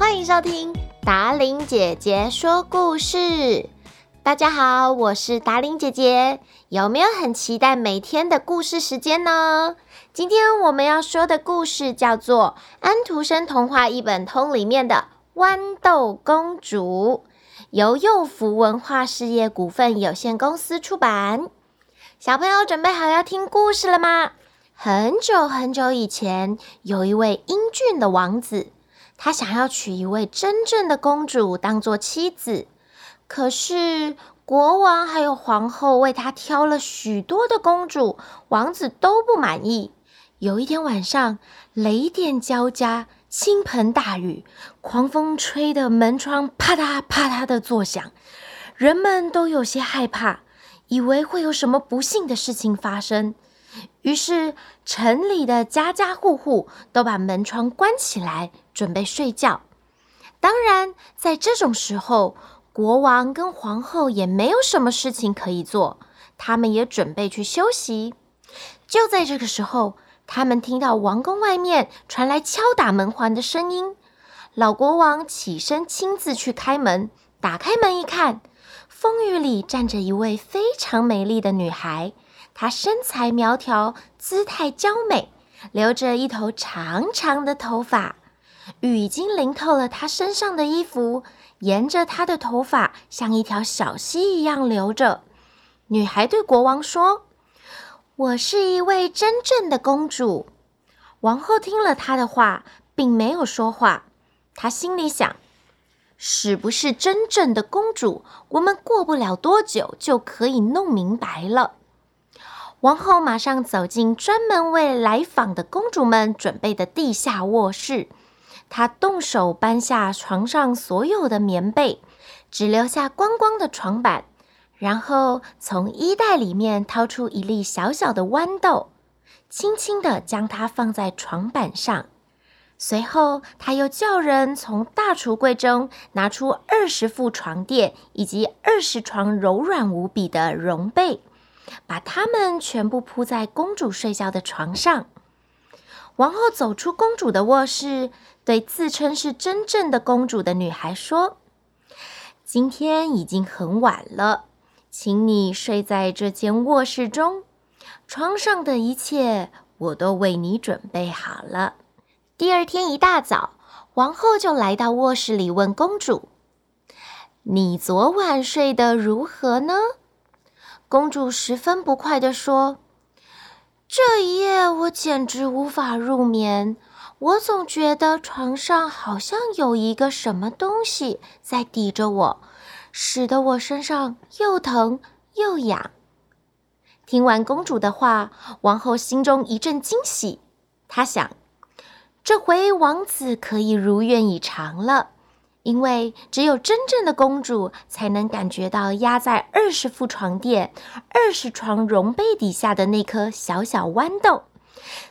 歡迎收聽達伶姐姐說故事。大家好，我是達伶姐姐。有沒有很期待每天的故事時間呢？今天我們要說的故事叫做《安徒生童話一本通》裡面的《豌豆公主》，由幼福文化事業股份有限公司出版。小朋友準備好要聽故事了嗎？很久很久以前，有一位英俊的王子。他想要娶一位真正的公主當做妻子，可是國王還有皇后為他挑了許多的公主，王子都不滿意。有一天晚上，雷電交加，傾盆大雨，狂風吹得門窗啪嗒啪嗒的作響，人們都有些害怕，以為會有什麼不幸的事情發生。於是，城裡的家家戶戶都把門窗關起來，準備睡覺。當然，在這種時候，國王跟皇後也沒有什麼事情可以做，他們也準備去休息。就在這個時候，他們聽到王宮外面傳來敲打門環的聲音。老國王起身親自去開門，打開門一看，風雨裡站着一位非常美麗的女孩。她身材苗條，姿態嬌美，留着一頭長長的頭髮。雨已經淋透了她身上的衣服，沿着她的頭髮像一條小溪一樣流着。女孩對國王說：“我是一位真正的公主。”王后聽了她的話，並沒有說話。她心裡想：“是不是真正的公主？我們過不了多久就可以弄明白了。”王后馬上走進專門為來訪的公主們準備的地下臥室，她動手搬下床上所有的棉被，只留下光光的床板，然後從衣袋裡面掏出一粒小小的豌豆，輕輕地將它放在床板上。隨後，她又叫人從大櫥櫃中拿出二十副床墊以及二十床柔軟無比的絨被。把它們全部鋪在公主睡覺的床上。王后走出公主的臥室，對自稱是真正的公主的女孩說：“今天已經很晚了，請你睡在這間臥室中，床上的一切我都為你準備好了。”第二天一大早，王后就來到臥室裡問公主：“你昨晚睡得如何呢？”公主十分不快地說：「這一夜我簡直無法入眠，我總覺得床上好像有一個什麼東西在抵着我，使得我身上又疼又癢。」聽完公主的話，王后心中一陣驚喜，她想，這回王子可以如願以償了。因為只有真正的公主才能感覺到壓在二十副床墊、二十床絨被底下的那顆小小豌豆。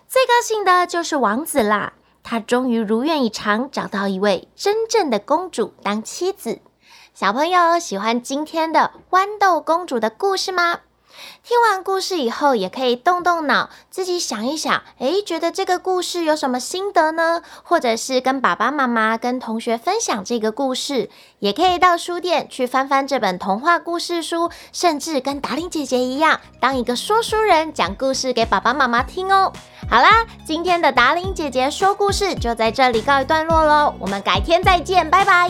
最高興的就是王子啦，他終於如願以償，找到一位真正的公主當妻子。小朋友喜歡今天的豌豆公主的故事嗎？聽完故事以後，也可以動動腦，自己想一想，誒，覺得這個故事有什麼心得呢？或者是跟爸爸媽媽、跟同學分享這個故事，也可以到書店去翻翻這本童話故事書，甚至跟達伶姐姐一樣，當一個說書人，講故事給爸爸媽媽聽哦。好啦，今天的達伶姐姐說故事就在這裡告一段落嘍，我們改天再見，拜拜。